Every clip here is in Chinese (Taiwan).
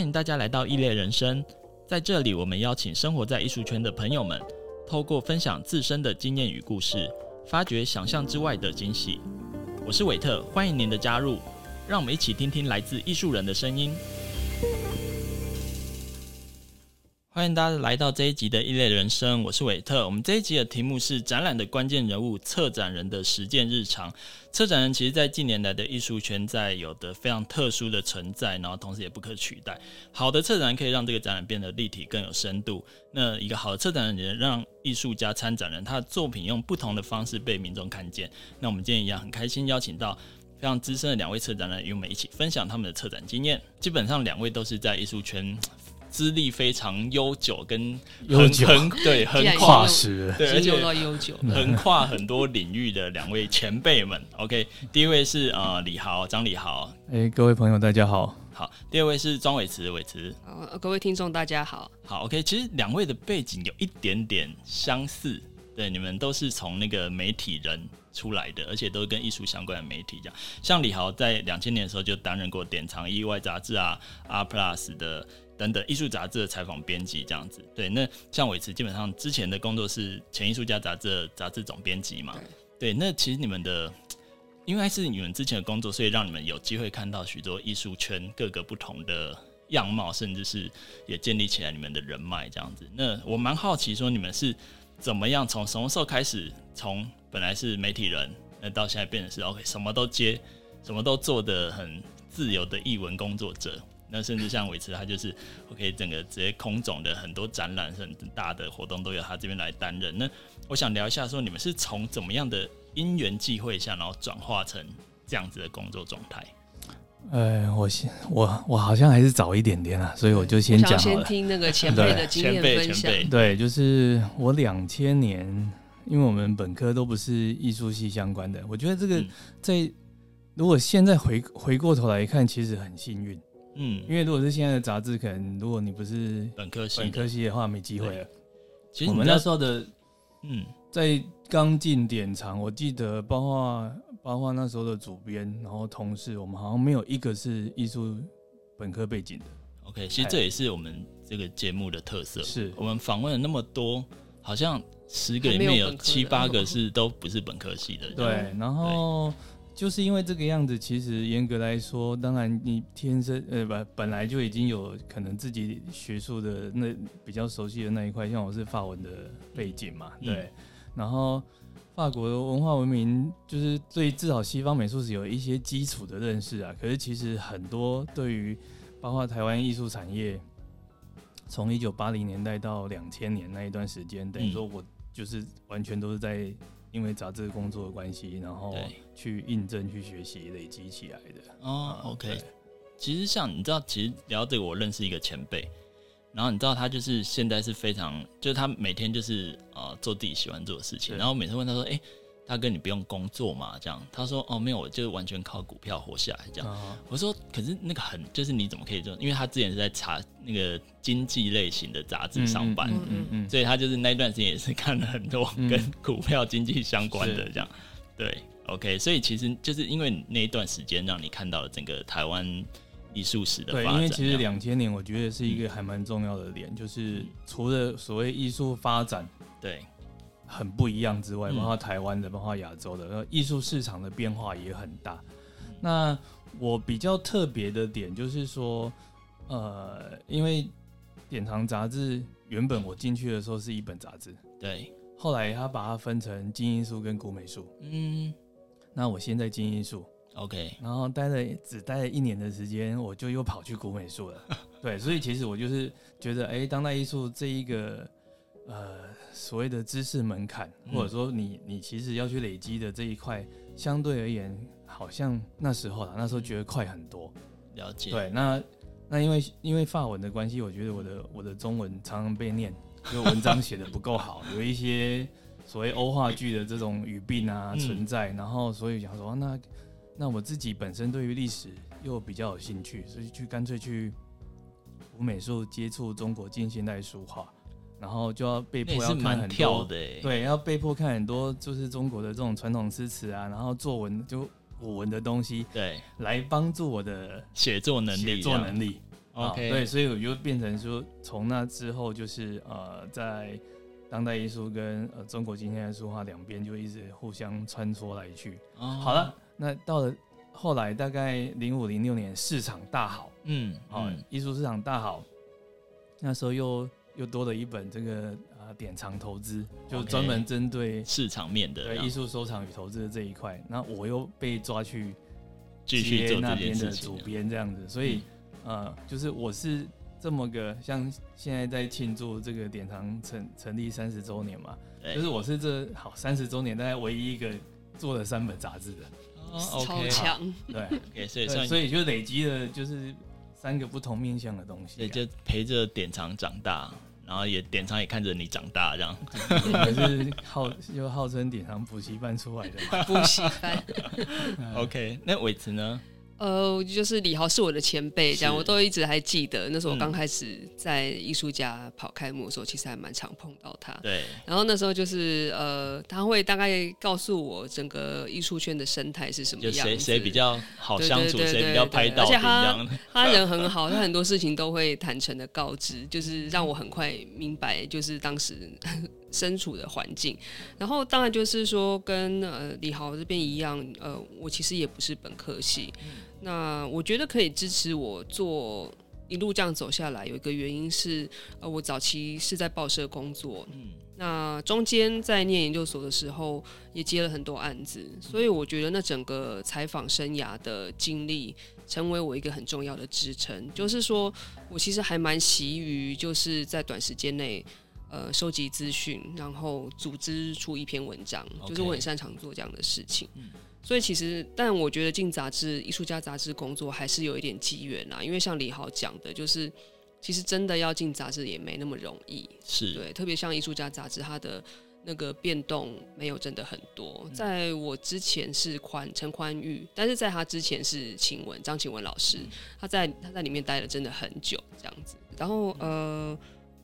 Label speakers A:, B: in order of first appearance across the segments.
A: 歡迎大家來到異類人生，在這裡，我們邀請生活在藝術圈的朋友們，透過分享自身的經驗與故事，發掘想象之外的驚喜。我是韋特，歡迎您的加入，讓我們一起聽聽來自藝術人的聲音。歡迎大家來到這一集的《一類人生》，我是韋特。我們這一集的題目是“展覽的關鍵人物——策展人的實踐日常”。策展人其實，在近年來的藝術圈，在有的非常特殊的存在，然後同時也不可取代。好的策展人可以讓這個展覽變得立體、更有深度。那一個好的策展人，也讓藝術家、參展人，他的作品用不同的方式被民眾看見。那我們今天一樣很開心，邀請到非常資深的兩位策展人，與我們一起分享他們的策展經驗。基本上，兩位都是在藝術圈。資歷非常悠久跟很，跟悠久對，很跨時，對，悠久，橫跨很多領域的兩位前輩們。 OK，第一位是呃禮豪，張禮豪，
B: 哎、欸，各位朋友大家好，
A: 好。第二位是莊偉慈，偉慈、
C: 哦，各位聽眾大家好，
A: 好。OK，其實兩位的背景有一點點相似，對，你們都是從那個媒體人出來的，而且都是跟藝術相關的媒體這樣。像禮豪在兩千年的時候就擔任過《典藏》《意外》雜誌啊，《阿 Plus》的。等等，藝術雜誌的採訪編輯這樣子，對。那像偉慈基本上之前的工作是前《藝術家》雜誌雜誌總編輯嘛？對，對。那其實你們的，應該是你們之前的工作，所以讓你們有機會看到許多藝術圈各個不同的樣貌，甚至是也建立起來你們的人脈這樣子。那我蠻好奇說，你們是怎麼樣，從什麼時候開始，從本來是媒體人，那到現在變成是 OK 什麼都接，什麼都做得很自由的藝文工作者？那甚至像維持他就是 OK，整個這些空總的很多展覽、很大的活動，都由他這邊來擔任。那我想聊一下，說你們是從怎麼樣的因緣際會下，然後轉化成這樣子的工作狀態？
B: 呃，我先我我好像還是早一點點啊，所以我就先講，我先聽那個前輩的經驗對輩分享。輩對，就是我兩千年，因為我們本科都不是藝術系相關的，我覺得這個在、嗯、如果現在回回過頭來看，其實很幸運。嗯，因為如果是現在的雜誌，可能如果你不是本科系本科系的話，沒機會了。其實我們那時候的，嗯，在剛進典藏，我記得包括包括那時候的主編，然後同事，我們好像沒有一個是藝術本科背景的。OK，
A: 其實這也是我們這個節目的特色，哎、是我們訪問了那麼多，好像十個裡面有七八個是都不是本科系的。對，
B: 然後。就是因為這個樣子，其實嚴格來說，當然你天生呃不本來就已經有可能自己學術的那比較熟悉的那一塊，像我是法文的背景嘛，對。嗯、然後法國的文化文明，就是對至少西方美術史有一些基礎的認識啊。可是其實很多對於包括台灣藝術產業，從一九八零年代到兩千年那一段時間，嗯、等於說我就是完全都是在。因為雜誌工作的關係，然後去印證、對去學習、累積起來的哦。OK，其實
A: 像你知道，其實聊到這個，我認識一個前輩，然後你知道他就是現在是非常，就是他每天就是呃做自己喜歡做的事情，對然後每次問他說：“誒、欸’。他跟你不用工作嘛？這樣他說哦，沒有，我就是完全靠股票活下來。這樣。哦哦。我說，可是那個很，就是你怎麼可以做？因為他之前是在查那個經濟類型的雜誌上班。嗯嗯，嗯嗯，嗯所以他就是那一段時間也是看了很多跟股票經濟相關的這樣。嗯、對，OK，所以其實就是因為那一段時間讓你看到了整個台灣藝術史的發展。對，因為其實兩
B: 千年我覺得是一個還蠻重要的年，嗯、就是除了所謂藝術發展，對。很不一樣之外，包括台灣的、嗯、的，包括亞洲的，那藝術市場的變化也很大。那我比較特別的點就是說，呃，因為典藏雜誌原本我進去的時候是一本雜誌，對，後來他把它分成今藝術跟古美術，嗯，那我現在今藝術 OK，然後待了只待了一年的時間，我就又跑去古美術了。 對，所以其實我就是覺得，哎、欸，當代藝術這一個，呃。所謂的知識門檻，或者說你你其實要去累積的這一塊，嗯、相對而言好像那時候了，那時候覺得快很多。了解。對，那那因為因為法文的關係，我覺得我的我的中文常常被念，就文章寫得不夠好， 有一些所謂歐化句的這種語病啊、嗯、存在，然後所以想說，啊、那那我自己本身對於歷史又比較有興趣，所以去乾脆去讀美術，接觸中國近現代書畫。然後就要被迫要看很多，欸、對，要被迫看很多就是中國的這種傳統詩詞啊，然後作文就古文的東西，對，來幫助我的
A: 寫作能力，寫作能力，OK，、嗯、對，所
B: 以我就變成說，從那之後就是呃，在當代藝術跟呃中國今天的書畫兩邊就一直互相穿梭來去。哦、好了，那到了後來大概零五零六年市場大好，嗯，
A: 好、嗯，
B: 藝術、嗯、市場大好，那時候又。又多了一本這個啊，呃、典藏投資 Okay, 就專門針對市場面的對藝術樣收藏與投資的這一塊。那我又被抓去繼續做那邊的主編這樣子，所以、嗯呃、就是我是這麼個，像現在在慶祝這個典藏成成立三十周年嘛，對就是我是這好三十周年，大概唯一一個做了三本雜誌的，超強對，okay, 對，所以所以就累積了就是。三個不同面向的東西、
A: 啊，也就陪着典藏長大，然後也典藏也看着你長大，這樣可是
B: 號又 號稱典藏補習班出來的補習班。OK，那偉慈呢？
C: 呃，就是禮豪是我的前輩，這樣是我都一直還記得。那時候我剛開始在藝術家跑開幕的時候，嗯、其實還蠻常碰到他。對。然後那時候就是呃，他會大概告訴我整個藝術圈的生態是什麼樣，誰誰比較好相處，誰比較拍到一樣，對對對對，而且他 他人很好，他很多事情都會坦誠的告知，就是讓我很快明白，就是當時。 身處的環境，然後當然就是說跟、跟呃禮豪這邊一樣，呃，我其實也不是本科系。嗯，那我覺得可以支持我做一路這樣走下來，有一個原因是，呃，我早期是在報社工作，嗯，那中間在念研究所的時候也接了很多案子，所以我覺得那整個採訪生涯的經歷成為我一個很重要的支撐，就是說我其實還蠻習於就是在短時間內。呃，收集資訊，然後組織出一篇文章，Okay. 就是我很擅長做這樣的事情。嗯，所以其實，但我覺得進雜誌、藝術家雜誌工作還是有一點機緣啦。因為像禮豪講的，就是其實真的要進雜誌也沒那麼容易，是，對，特別像藝術家雜誌，它的那個變動沒有真的很多。在我之前是寬、陳寬裕，但是在他之前是晴文、張晴文老師，嗯、他在他在裡面待了真的很久這樣子。然後呃。嗯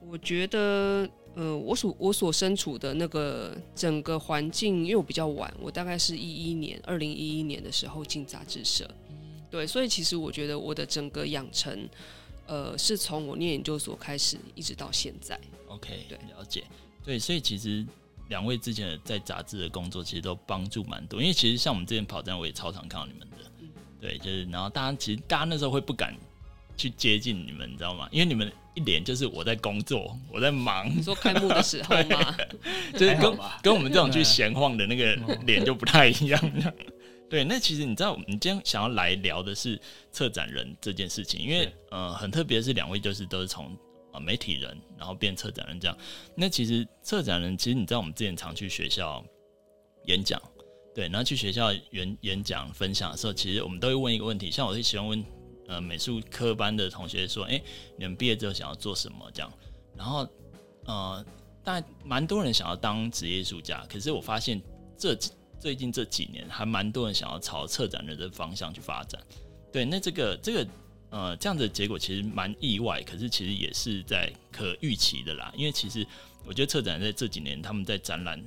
C: 我覺得，呃，我所我所身處的那個整個環境，因為我比較晚，我大概是一一年，二零一一年的時候進雜誌社，嗯、對，所以其實我覺得我的整個養成，呃，是從我念研究所開始，一直到現在。OK，對，了
A: 解，對，所以其實兩位之前在雜誌的工作，其實都幫助蠻多，因為其實像我們之前跑站，我也超常看到你們的，嗯、對，就是然後大家其實大家那時候會不敢。去接近你們，你知道嗎？因為你們一臉就是我在工作，我在忙。你說開幕的
C: 時候嗎？
A: 就是跟跟我們這種去閒晃的那個臉就不太一樣。 對，那其實你知道，我們今天想要來聊的是策展人這件事情，因為是呃，很特別是兩位就是都是從啊媒體人，然後變策展人這樣。那其實策展人，其實你知道，我們之前常去學校演講，對，然後去學校演演講分享的時候，其實我們都會問一個問題，像我最喜歡問。呃，美術科班的同學說：“哎、欸，你們畢業之後想要做什麼？”這樣，然後，呃，但蠻多人想要當職業藝術家，可是我發現這最近這幾年還蠻多人想要朝策展人的方向去發展。對，那這個這個呃，這樣的結果其實蠻意外，可是其實也是在可預期的啦。因為其實我覺得策展人在這幾年，他們在展覽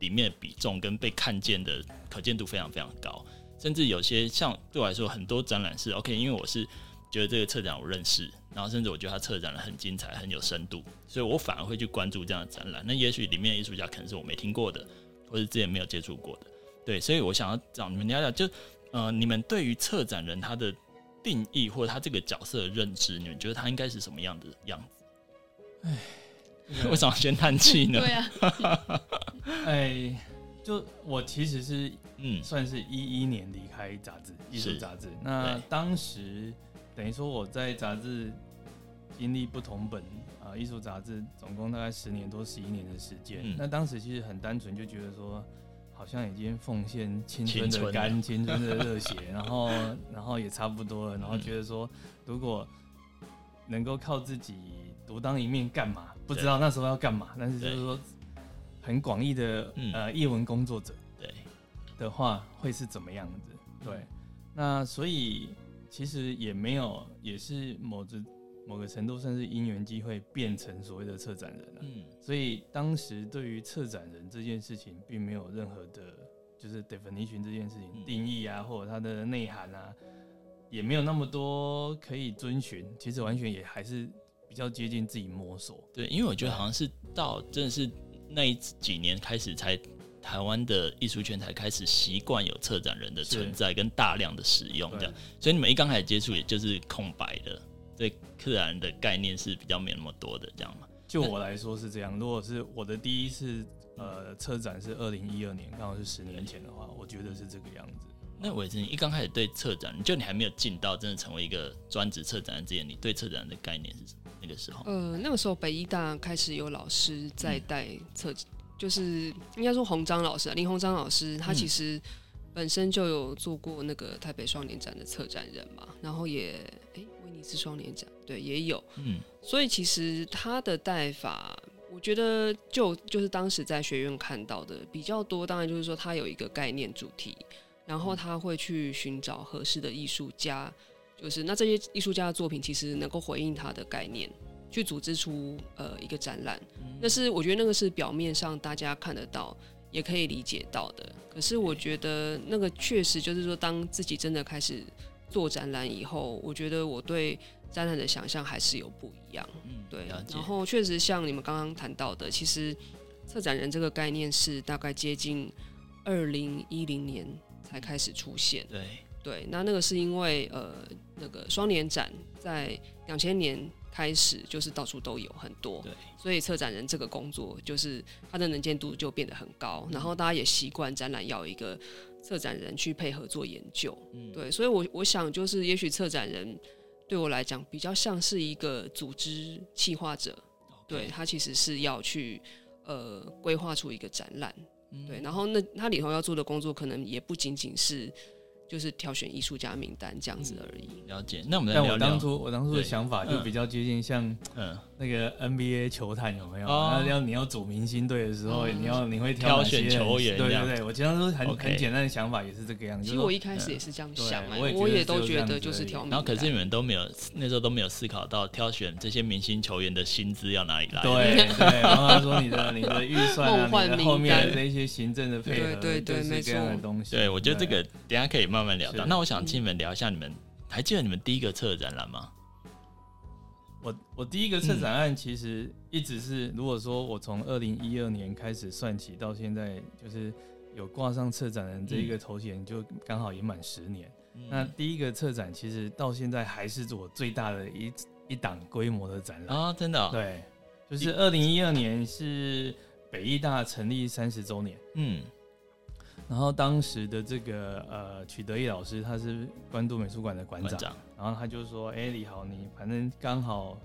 A: 裡面的比重跟被看見的可見度非常非常高。甚至有些像對我來說，很多展覽是 OK，因為我是覺得這個策展我認識，然後甚至我覺得他策展得很精彩，很有深度，所以我反而會去關注這樣的展覽。那也許裡面藝術家可能是我沒聽過的，或者之前沒有接觸過的，對，所以我想要找你們聊聊，就呃，你們對於策展人他的定義或者他這個角色的認知，你們覺得他應該是什
B: 麼樣的樣子？哎，為什麼要先嘆氣呢？對呀、啊，哎， 就我其實是。嗯，算是一一年離開雜誌，藝術雜誌。那當時等於說我在雜誌經歷不同本啊，藝術雜誌總共大概十年多十一年的時間。那當時其實很單純，就覺得說好像已經奉獻青春的幹青春的熱血，然後然後也差不多了，然後覺得說如果能夠靠自己獨當一面，幹嘛？不知道那時候要幹嘛，但是就是說很廣義的呃，藝文工作者。的話會是怎麼樣子？對，那所以其實也沒有，也是某只某個程度算是因緣機會變成所謂的策展人了、啊。嗯，所以當時對於策展人這件事情，並沒有任何的，就是 Definition 這件事情、嗯、定義啊，或者它的內涵啊，也沒有那麼多可以遵循。其實完全也還是比較接近自己摸索。對，因為我覺得好像是到真的是那幾
A: 年開始才台灣的藝術圈才開始習慣有策展人的存在跟大量的使用，這樣，是對 所以你們一剛開始接觸也就是空白的，對策展的概念是比較沒那麼多的，這樣嘛？
B: 就我來說是這樣。如果是我的第一次呃，策展是二零一二年，剛好是十年前的話，對耶 我覺得是這個樣子。嗯、那我也是你一
A: 剛開始對策展，就你還沒有進到真的成為一個專職策展人之前，你對策展的概念是什麼？那個時候？
C: 呃，那個時候北醫大開始有老師在帶策展。嗯就是應該說洪章老師啊，林洪章老師，他其實本身就有做過那個台北雙年展的策展人嘛，然後也哎威尼斯雙年展，對，也有，嗯，所以其實他的帶法，我覺得就就是當時在學院看到的比較多，當然就是說他有一個概念主題，然後他會去尋找合適的藝術家，就是那這些藝術家的作品其實能夠回應他的概念。去組織出呃一個展覽，那、嗯、是我覺得那個是表面上大家看得到，也可以理解到的。可是我覺得那個確實就是說，當自己真的開始做展覽以後，我覺得我對展覽的想象還是有不一樣。嗯，對。了解。然後確實像你們剛剛談到的，其實策展人這個概念是大概接近二零一零年才開始出現。嗯、對對，那那個是因為呃那個雙年展在兩千年。開始就是到處都有很多，對，所以策展人這個工作就是他的能見度就變得很高，然後大家也習慣展覽要一個策展人去配合做研究，嗯，對，所以我，我我想就是，也許策展人對我來講比較像是一個組織企劃者，Okay 對他其實是要去呃規劃出一個展覽，嗯、對，然後那他裡頭要做的工作可能也不僅僅是。就是挑選藝術家名單這樣子而已。
B: 了解，那我們但我當初我當初的想法就比較接近像嗯那個 NBA 球探有沒有？要你要組明星隊的時候，你要你會挑選球員，對對對，我經常都很很簡單的想法，也是這個樣子。其實我一
C: 開始也是這樣想，我也都覺得就是挑明星。然後
A: 可是你們都沒有那時候都沒有思考到挑選這些明星球員的薪資要哪裡來、就是嗯。對對對，對，對，然後他說你的你的預算啊，你的後面的那些行政的配合，對對對，沒錯。對，我覺得這個等下可以。慢慢聊到，啊、那我想請你們聊一下你們，嗯、還記得你們第一個策展了嗎？
B: 我我第一個策展案其實一直是，嗯、如果說我從二零一二年開始算起，到現在就是有掛上策展人這一個頭銜，就剛好也滿十年。嗯、那第一個策展其實到現在還是我最大的一一檔規模的展覽啊，真的、嗯、對，就是二零一二年是北藝大成立三十周年，嗯。嗯然後當時的這個呃曲德益老師，他是關渡美術館的館長，館長然後他就說：“哎，你好，你反正剛好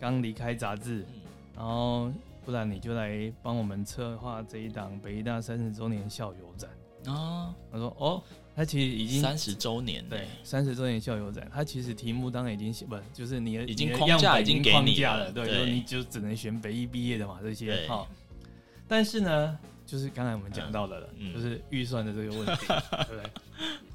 B: 剛離開雜誌，嗯、然後不然你就來幫我們策劃這一檔北藝大三十周年校友展。嗯”啊，他說：“哦，他其實已經三十周年，對，三十周年校友展，他其實題目當然已經寫，不就是你的已經框架已經框架了，了對，對你就只能選北藝畢業的嘛，這些哈對。但是呢。”就是剛才我們講到的了，嗯、就是預算的這個問題。對、嗯，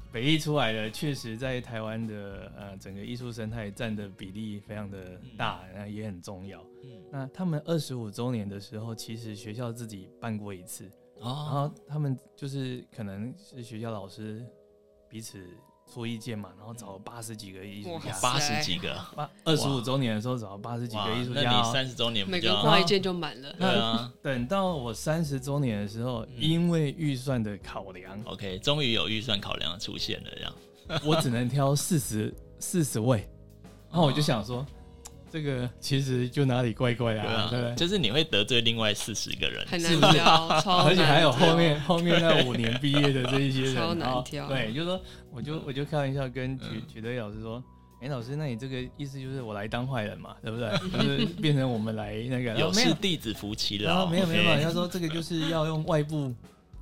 B: 北藝出來的確實在台灣的呃整個藝術生態佔的比例非常的大，然後、嗯、也很重要。嗯、那他們二十五週年的時候，其實學校自己辦過一次，嗯、然後他們就是可能是學校老師彼此。出一件嘛，然後找了八十幾個藝術家，哇塞 八十幾個，二二十五周年的時候找了八十幾個藝術家，哦，那你三十周年不就，啊，每個掛一件就滿了。啊啊， 等到我三十周年的時候，嗯，因為預算的考量
A: ，OK，終於有預算考量出現了，這樣
B: 我只能挑四十四十位，哦，然後我就想說。這個其實就哪裡怪怪啊，對不、啊、對吧？就
A: 是你會得罪另外四十個人，很是不是？超難挑，而且還有後面對後面那五年畢業的這一些人，對，就
B: 是說，我就我就開玩笑跟曲、嗯、曲德老師說，誒、欸，老師，那你這個意思就是我來當壞人嘛，對不對？ 就是變成我們來那個有事弟子服其勞，沒有，有、哦、沒有，他 Okay 說這個就是要用外部。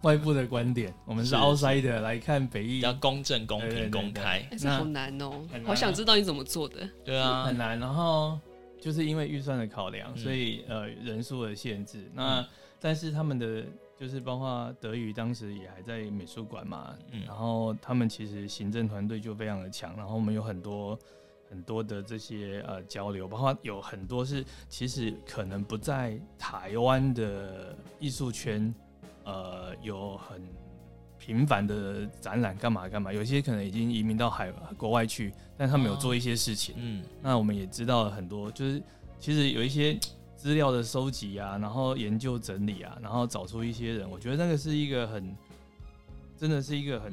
B: 外部的觀點，我們是 outside 是來看北藝，要公正公平，對對對對，公平、公開、欸，是
C: 好難哦，好想知道你怎麼做的。
B: 對啊，很難。然後就是因為預算的考量，嗯、所以呃人數的限制，那、嗯、但是他們的就是包括德語，當時也還在美術館嘛。嗯、然後他們其實行政團隊就非常的強，然後我們有很多很多的這些呃交流，包括有很多是其實可能不在台灣的藝術圈。呃，有很頻繁的展覽，幹嘛幹嘛？有些可能已經移民到海國外去，但他們有做一些事情。Oh. 嗯，那我們也知道了很多，就是其實有一些資料的收集啊，然後研究整理啊，然後找出一些人。我覺得那個是一個很，真的是一個很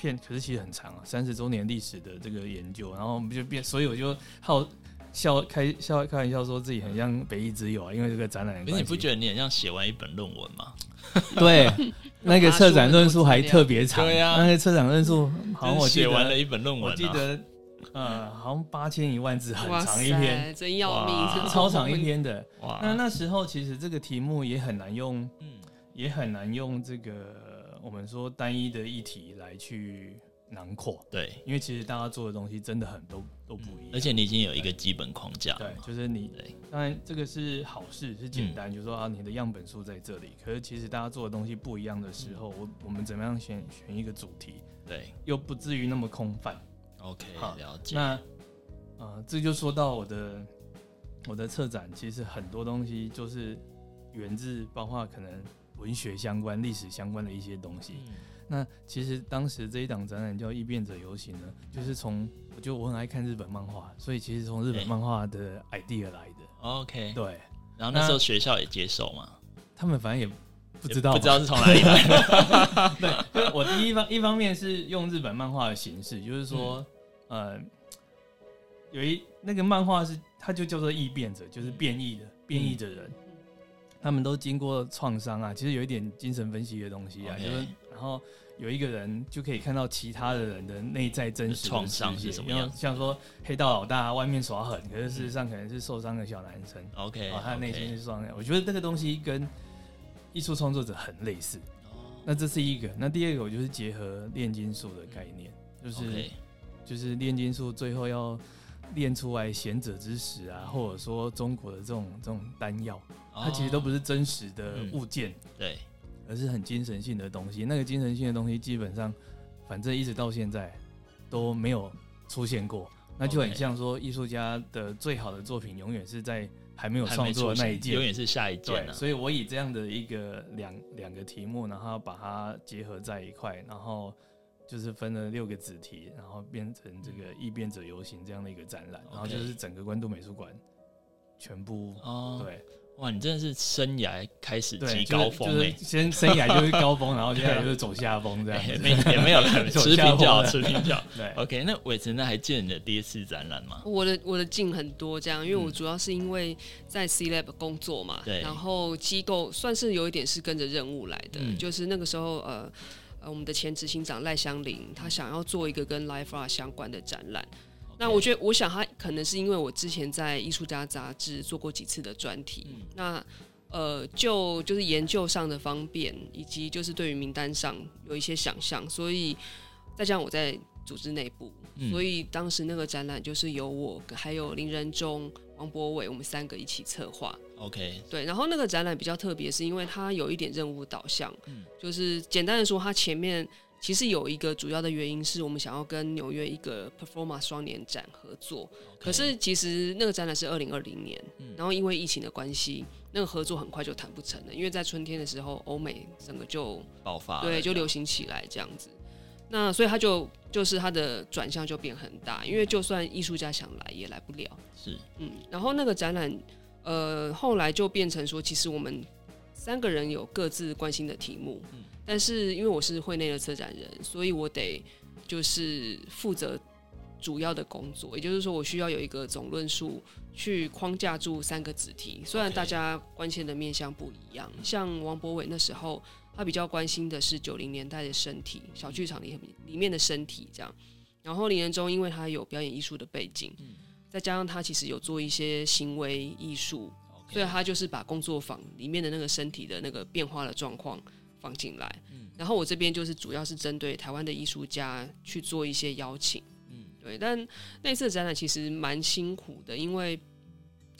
B: 騙，可是其實很長啊，三十周年歷史的這個研究，然後我們就變，所以我就好。笑開笑開玩笑說，自己很像北藝之友啊，因為這個展覽。那你
A: 不覺得你很像寫完一本論文嗎？
B: 對， 怕他 那個策展論述還特別長。對呀，那個策展論述好像我寫完了一本論文啊。我記得，呃，好像八千一萬字，很長一篇，真要命，超長一篇的。那哇那時候其實這個題目也很難用，嗯、也很難用這個我們說單一的議題來去。囊括對，因為其實大家做的東西真的很都都不一樣，嗯，而
A: 且你已經有一個基本框架了，對，對，
B: 就是你，對當然這個是好事，是簡單，嗯、就是說啊，你的樣本數在這裡，可是其實大家做的東西不一樣的時候，嗯、我我們怎麼樣選選一個主題，對，又不至於那麼空泛，OK，好，了解。那、呃、這就說到我的我的策展，其實很多東西就是源自，包括可能文學相關、歷史相關的一些東西。嗯那其實當時這一檔展覽叫《異變者遊行》呢，就是從我就我很愛看日本漫畫，所以其實從日本漫畫的 idea 來的。OK，對。然後那時候學校也接受嘛，他們反正也不知道，不知道是從哪裡來的。 對，我第一方一方面是用日本漫畫的形式，就是說，嗯、呃，有一那個漫畫是它就叫做異變者，就是變異的變異的人，嗯、他們都經過創傷啊，其實有一點精神分析的東西啊，就是。然後有一個人就可以看到其他的人的內在真實創傷是什麼樣，像說黑道老大外面耍狠，嗯、可是事實上可能是受傷的小男生。OK，、哦、他內心是雙面。Okay. 我覺得這個東西跟藝術創作者很類似。Oh. 那這是一個，那第二個我就是結合煉金術的概念，oh. 就是 Okay. 就是煉金術最後要煉出來賢者之石啊，或者說中國的這種這種丹藥，oh. 它其實都不是真實的物件。Oh. 嗯、對。而是很精神性的東西，那個精神性的東西基本上，反正一直到現在都沒有出現過，Okay. 那就很像說藝術家的最好的作品永遠是在還沒有創作的那一件，永遠是下一件、啊。所以我以這樣的一個兩兩個題目，然後把它結合在一塊，然後就是分了六個子題，然後變成這個“異變者遊行”這樣的一個展覽，Okay. 然後就是整個關渡美術館全部、oh. 對。
A: 哇，你真的是生涯開始即高峰、欸對就是，就是先生涯就是高峰， 然後接下來就是走下坡。這樣，也沒有看 教走下坡，持平腳，持平腳。對，OK，那偉慈，那還見你的第一次展覽嗎
C: 我？我的我的進很多這樣，因為我主要是因為在 C Lab 工作嘛，嗯、然後機構算是有一點是跟着任務來的，對就是那個時候呃呃，我們的前執行長賴香伶，他想要做一個跟 Live Art 相關的展覽。那我覺得，我想他可能是因為我之前在《藝術家》雜誌做過幾次的專題，嗯、那呃，就就是研究上的方便，以及就是對於名單上有一些想象，所以再加上我在組織內部，嗯、所以當時那個展覽就是由我還有林仁忠、王博偉我們三個一起策劃。OK，對，然後那個展覽比較特別，是因為他有一點任務導向，嗯、就是簡單的說，他前面。其實有一個主要的原因是我們想要跟紐約一個 performance 雙年展合作，可是其實那個展覽是二零二零年，然後因為疫情的關係，那個合作很快就談不成了，因為在春天的時候，歐美整個就爆發了，對，就流行起來這樣子。那所以他就就是他的轉向就變很大，因為就算藝術家想來也來不了。是，嗯，然後那個展覽，呃，後來就變成說，其實我們，三個人有各自關心的題目，嗯、但是因為我是會內的策展人，所以我得就是負責主要的工作，也就是說，我需要有一個總論述去框架住三個子題。Okay 雖然大家關切的面向不一樣，像王柏偉那時候，他比較關心的是九零年代的身體，小劇場裡裡面的身體這樣。然後林人中，因為他有表演藝術的背景，嗯、再加上他其實有做一些行為藝術。所以他就是把工作坊裡面的那個身體的那個變化的狀況放進來，然後我這邊就是主要是針對台灣的藝術家去做一些邀請，嗯，對。但那次的展覽其實蠻辛苦的，因為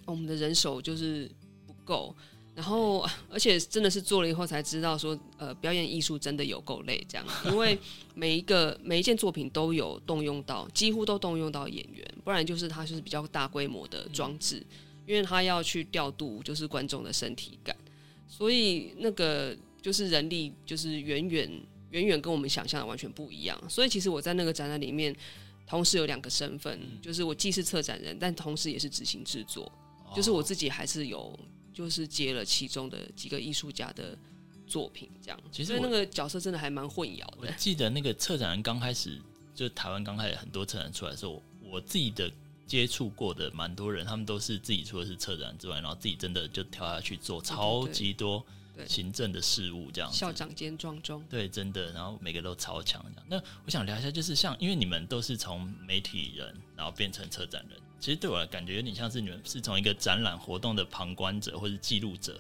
C: 我們的人手就是不夠，然後而且真的是做了以後才知道說，呃，表演藝術真的有夠累這樣，因為每一個每一件作品都有動用到，幾乎都動用到演員，不然就是他就是比較大規模的裝置。因為他要去調度，就是觀眾的身體感，所以那個就是人力，就是遠遠遠遠跟我們想象的完全不一樣。所以其實我在那個展覽裡面，同時有兩個身份，嗯、就是我既是策展人，但同時也是執行制作，哦、就是我自己還是有，就是接了其中的幾個藝術家的作
A: 品，這樣。其實那個
C: 角色真的還蠻混淆的。我
A: 記得那個策展人剛開始，就台灣剛開始很多策展出來的時候，我自己的。接觸過的蠻多人，他們都是自己除了是策展之外，然後自己真的就跳下去做超級多行政的事務，這樣。對對對，校長兼撞鐘。對，真的，然後每個都超強這樣。那我想聊一下，就是像因為你們都是從媒體人，然後變成策展人，其實對我來感覺有點像是你們是從一個展覽活動的旁觀者或者記錄者，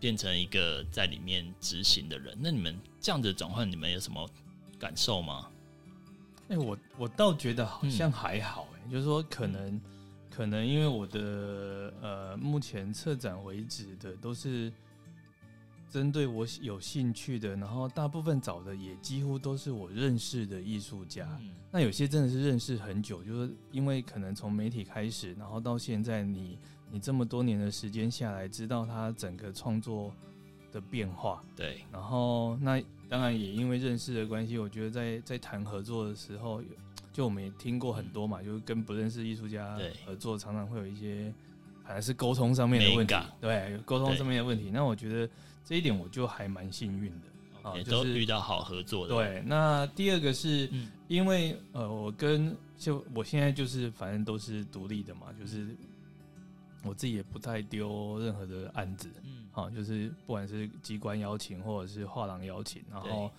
A: 變成一個在裡面執行的人。那你們這樣的轉換，你們有什麼感受嗎？
B: 哎、欸，我我倒覺得好像還好、嗯。就是說，可能，可能因為我的呃，目前策展為止的都是針對我有興趣的，然後大部分找的也幾乎都是我認識的藝術家。嗯、那有些真的是認識很久，就是因為可能從媒體開始，然後到現在你，你你這麼多年的時間下來，知道他整個創作的變化。對。然後那當然也因為認識的關係，我覺得在在談合作的時候，就我們也聽過很多嘛，嗯、就是跟不認識藝術家合作，對常常會有一些，反正是溝通上面的問題。Mega, 對，溝通上面的問題。對那我覺得這一點我就還蠻幸運的，也都遇到好合作的。對，那第二個是、嗯、因為呃，我跟就我現在就是反正都是獨立的嘛，就是我自己也不太丟任何的案子。嗯，好、啊，就是不管是機關邀請或者是畫廊邀請，然後。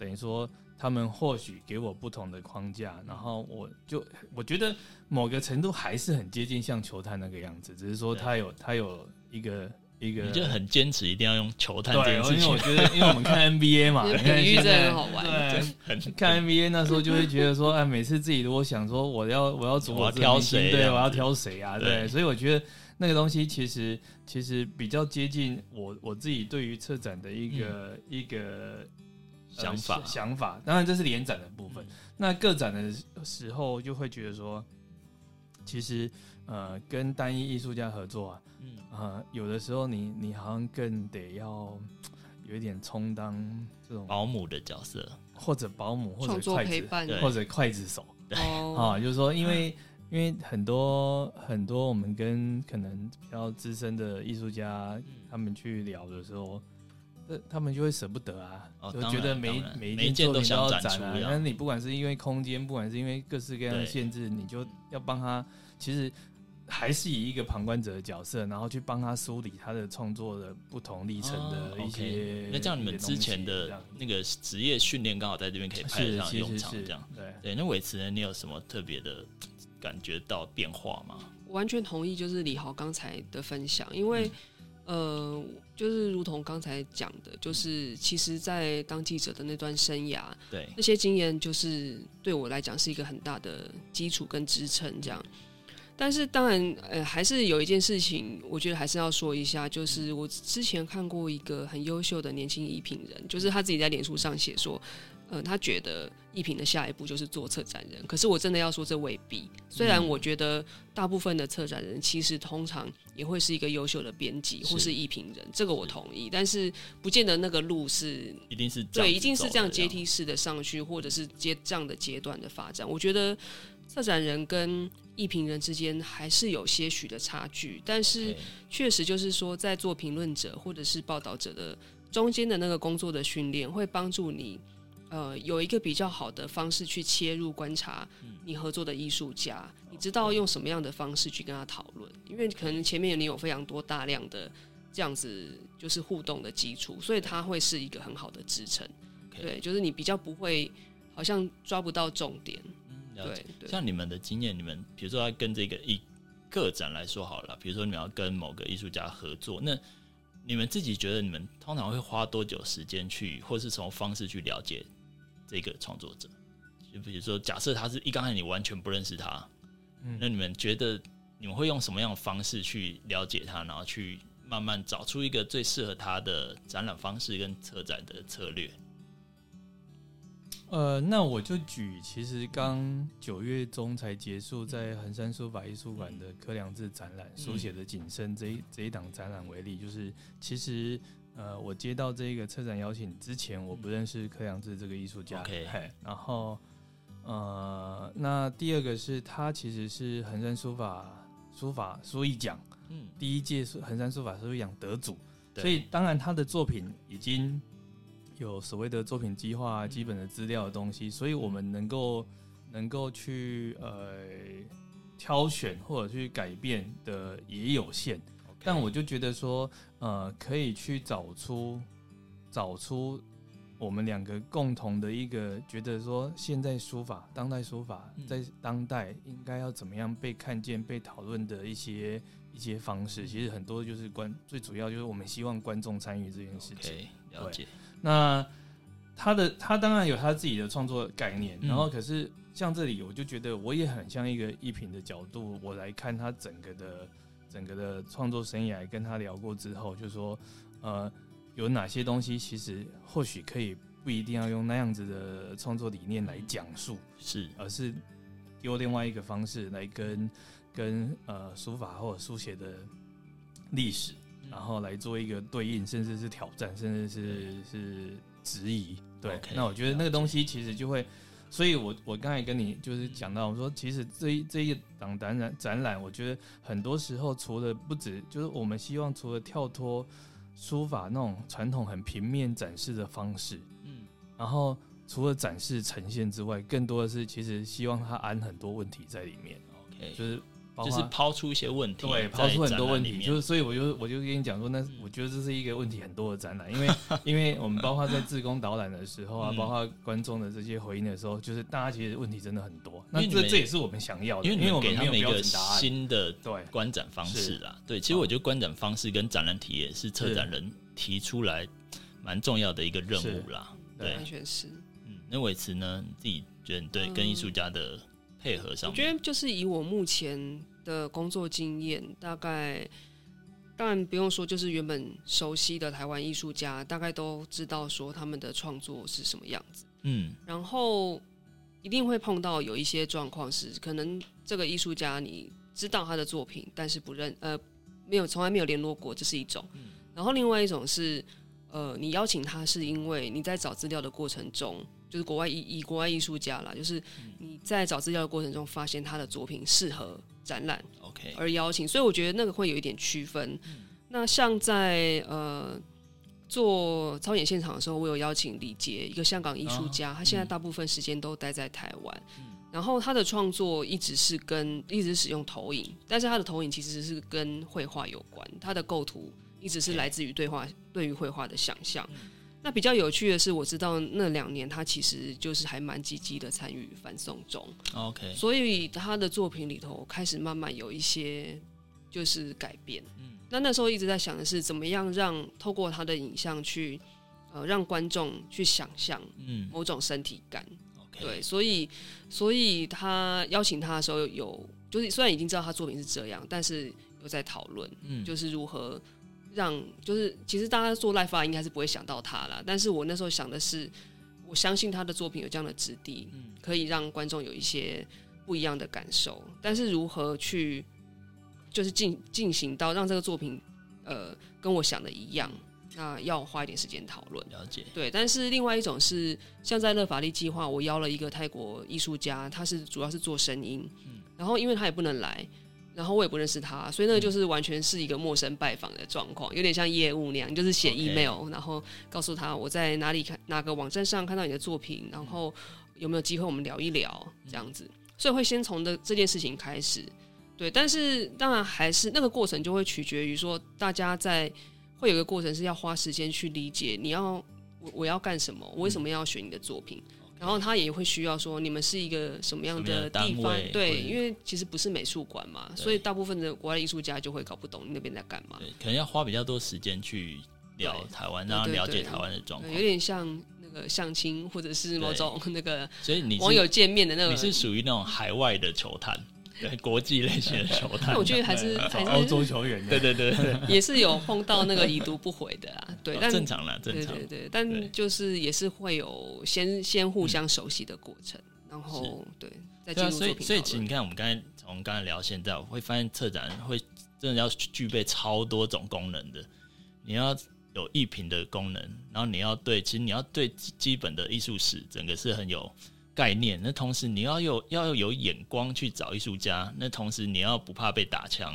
B: 等於說，他們或許給我不同的框架，然後我就我覺得某個程度還是很接近像球探那個樣子，只是說他有他有一個一個，你就很堅持一定要用球探這件事情。對，因為我覺得，因為我們看 NBA 嘛，因為這很好玩，對，看 NBA 那時候就會覺得說，哎，每次自己我想說，我要我要怎麼挑誰？對，我要挑誰啊？對，所以我覺得那個東西其實其實比較接近我我自己對於策展的一個一個。呃、想法想法，當然這是聯展的部分。嗯、那個展的時候，就會覺得說，其實呃，跟單一藝術家合作啊，嗯、呃、啊，有的時候你你好像更得要有一點充當這種保姆的角色，或者保姆，或者劊子，陪伴或者劊子手，啊，就是說，因為、嗯、因為很多很多我們跟可能比較資深的藝術家、嗯、他們去聊的時候。他們就會捨不得啊，就覺得每、哦每，一啊、每一件都想都要展出。那你不管是因為空間，不管是因為各式各樣的限制，對 你就要幫他。其實還是以一個旁觀者的角色，然後去幫他梳理他的創作的不同歷程的一些、哦 OK。那這樣你們之前
A: 的那個職業訓練，剛好在這邊可以派得上用場，這樣，對。對，那維持呢？你有什麼特別的感覺到變化嗎？
C: 完全同意，就是禮豪剛才的分享，因為。嗯呃，就是如同剛才講的，就是其實，在當記者的那段生涯，對那些經驗，就是對我來講是一個很大的基礎跟支撐，這樣。但是當然，呃，還是有一件事情，我覺得還是要說一下，就是我之前看過一個很優秀的年輕藝評人，就是他自己在臉書上寫說，嗯、呃，他覺得藝評的下一步就是做策展人。可是我真的要說，這未必。雖然我覺得大部分的策展人其實通常也會是一個優秀的編輯或是藝評人，是這個我同意。是但是不見得那個路是一
A: 定是這樣子走的樣子，對，一定是這樣階梯
C: 式的上去，或者是階這樣的階段的發展。我覺得。策展人跟藝評人之間還是有些許的差距，但是確實就是說，在做評論者或者是報道者的中間的那個工作的訓練，會幫助你，呃，有一個比較好的方式去切入觀察你合作的藝術家，嗯，你知道用什麼樣的方式去跟他討論，因為可能前面你有非常多大量的這樣子就是互動的基礎，所以它會是一個很好的支撐。對，就是你比較不會好像抓不到重點。對，
A: 像你們的經驗，你們比如說要跟這個一個展來說好了，比如說你們要跟某個藝術家合作，那你們自己覺得你們通常會花多久時間去，或是從方式去了解這個創作者？就比如說，假設他是一，剛才你完全不認識他，嗯，那你們覺得你們會用什麼樣的方式去了解他，然後去慢慢找出一個最適合他的展覽方式跟策展的
B: 策略？呃，那我就舉，其實剛九月中才結束在橫山書法藝術館的柯良志展覽，嗯、書寫的景深這一這一檔展覽為例，就是其實呃，我接到這個策展邀請之前，我不認識柯良志這個藝術家、嗯，然後呃，那第二個是他其實是橫山、嗯、山書法書法書藝獎，第一屆橫山書法書藝獎得主，對所以當然他的作品已經。有所謂的作品計劃、基本的資料的東西，所以我們能夠能夠去呃挑選或者去改變的也有限。Okay. 但我就覺得說，呃，可以去找出找出我們兩個共同的一個，覺得說現在書法、當代書法在當代應該要怎麼樣被看見、被討論的一些一些方式。其實很多就是觀、嗯、最主要就是我們希望觀眾參與這件事情，okay, 了解。那他的他當然有他自己的創作概念，嗯、然後可是像這裡我就覺得我也很像一個藝評的角度，我來看他整個的整個的創作生涯，跟他聊過之後，就說呃有哪些東西其實或許可以不一定要用那樣子的創作理念來講述，是而是用另外一個方式來跟跟呃書法或者書寫的歷史。然後來做一個對應，甚至是挑戰，甚至是 Okay. 是質疑。對，okay, 那我覺得那個東西其實就會，了解。所以我我剛才跟你就是講到，我說其實這這一檔展覽，展覽我覺得很多時候除了不止，就是我們希望除了跳脫書法那種傳統很平面展示的方式，嗯，然後除了展示呈現之外，更多的是其實希望它安很多問題在裡面。OK，就是。就是拋出一些問題，對，拋出很多問題，就是所以我就我就跟你講說，那我覺得這是一個問題很多的展覽，因為因為我們包括在志工導覽的時候啊，包括觀眾的這些回應的時候，就是大家其實問題真的很多。那這這也是我們想要的，因為你給他們一個新
A: 的對觀展方式啦。對，其實我覺得觀展方式跟展覽體驗是策展人提出來蠻重要的一個任務啦。對，完全是。嗯，那偉慈呢，自己覺得對跟藝術家的。配合上，我覺得
C: 就是以我目前的工作經驗，大概，當然不用說，就是原本熟悉的台灣藝術家，大概都知道說他們的創作是什麼樣子。
A: 嗯，
C: 然後一定會碰到，有一些狀況是，可能這個藝術家你知道他的作品，但是不認，呃，沒有從來沒有聯絡過，這是一種。嗯、然後另外一種是，呃，你邀請他是因為你在找資料的過程中。就是國外以，以國外藝術家啦。就是你在找資料的過程中發現他的作品適合展覽，OK，而邀請，Okay. 所以我覺得那個會有一點區分。嗯、那像在呃做操演現場的時候，我有邀請李杰，一個香港藝術家，oh, 他現在大部分時間都待在台灣，嗯、然後他的創作一直是跟一直使用投影，但是他的投影其實是跟繪畫有關，他的構圖一直是來自於對話，Okay. 對於繪畫的想象。嗯那比較有趣的是，我知道那兩年他其實就是還蠻積極的參與反送中，OK，所以他的作品裡頭開始慢慢有一些就是改變，嗯，那那時候一直在想的是怎麼樣讓透過他的影像去呃讓觀眾去想象嗯某種身體感、嗯 okay. 對，所以所以他邀請他的時候有就是雖然已經知道他作品是這樣，但是有在討論嗯就是如何。讓就是其實大家做 Live 啊，應該是不會想到他啦。但是我那時候想的是，我相信他的作品有這樣的質地，嗯，可以讓觀眾有一些不一樣的感受。嗯，但是如何去，就是進進行到讓這個作品，呃，跟我想的一樣，那要花一點時間討論。了解，對。但是另外一種是，像在樂法力計劃，我邀了一個泰國藝術家，他是主要是做聲音，嗯，然後因為他也不能來。然後我也不認識他，所以那個就是完全是一個陌生拜訪的狀況，嗯、有點像業務那樣，你就是寫 email，Okay 然後告訴他我在哪裡看哪個網站上看到你的作品，然後有沒有機會我們聊一聊這樣子。嗯、所以會先從的這，這件事情開始，對。但是當然還是那個過程就會取決於說，大家在會有一個過程是要花時間去理解你要我我要幹什麼，我為什麼要選你的作品。嗯然後他也會需要說，你們是一個什麼樣的地方？對，者因為其實不是美術館嘛，對所以大部分的國外藝術家就會搞不懂你那邊在
A: 幹嘛。對，可能要花比較多時間去聊台灣，然後對了解台灣的狀況，
C: 有點像那個相親，或者是某種那個，
A: 所以你網友見面的那種，你是屬於那種海外的球探。國際類型的球、啊， 但我覺得還是還是歐洲球員、啊。對對對對， 也是有
C: 碰到那個已讀不回的啊。對，哦、但正常啦，正常。對對對，但就是也是會有先先互相熟悉的過程，對然後對，對，對再進入作品討論、啊、所以所以其
A: 實你看，我們剛才從剛才聊現在，我會發現策展會真的要具備超多種功能的。你要有藝評的功能，然後你要對其實你要對基本的藝術史整個是很有。概念。那同時你要有要有眼光去找藝術家。那同時你要不怕被打槍，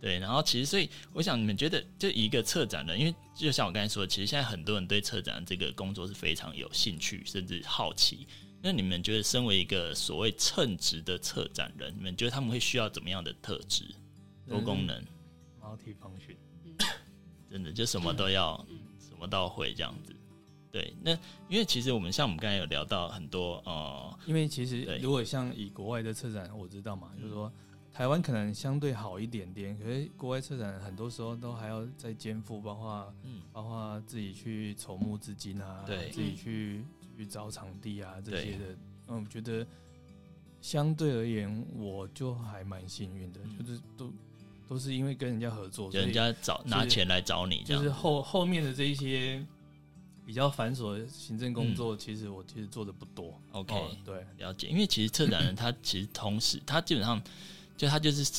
A: 對。然後其實，所以我想，你們覺得就一個策展人，因為就像我剛才說，其實現在很多人對策展這個工作是非常有興趣，甚至好奇。那你們覺得，身為一個所謂稱職的策展人，你們覺得他們會需要怎麼樣的特質？多功能
B: ，Multi-function，、嗯、
A: 真的就什麼都要，嗯嗯、什麼都會這樣子。對，那因為其實我們像我們剛才有聊到很多哦，嗯、
B: 因為其實如果像以國外的策展，我知道嘛，嗯、就是說台灣可能相對好一點點，可是國外策展很多時候都還要再肩負，包括嗯，包括自己去籌募資金啊，對自，自己去去找場地啊這些的。嗯，對 我覺得相對而言，我就還蠻幸運的，嗯嗯就是都都是因為跟人家合作，人家找拿錢來找你，就是後後面的這一些。比較繁瑣的行政工作，嗯、其實我其實做得不多。嗯、OK，、哦、對，了解。因為
A: 其實策展人他其實同時， 他基本上就他就是